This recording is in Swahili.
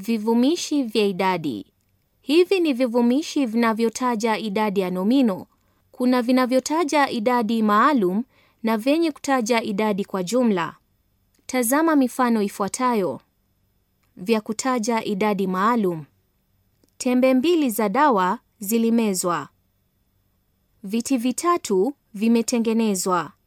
Vivumishi vya idadi. Hivi ni vivumishi vinavyotaja idadi ya nomino. Kuna vinavyotaja idadi maalum na vyenye kutaja idadi kwa jumla. Tazama mifano ifuatayo. Vya kutaja idadi maalum. Tembe mbili za dawa zilimezwa. Viti vitatu vimetengenezwa.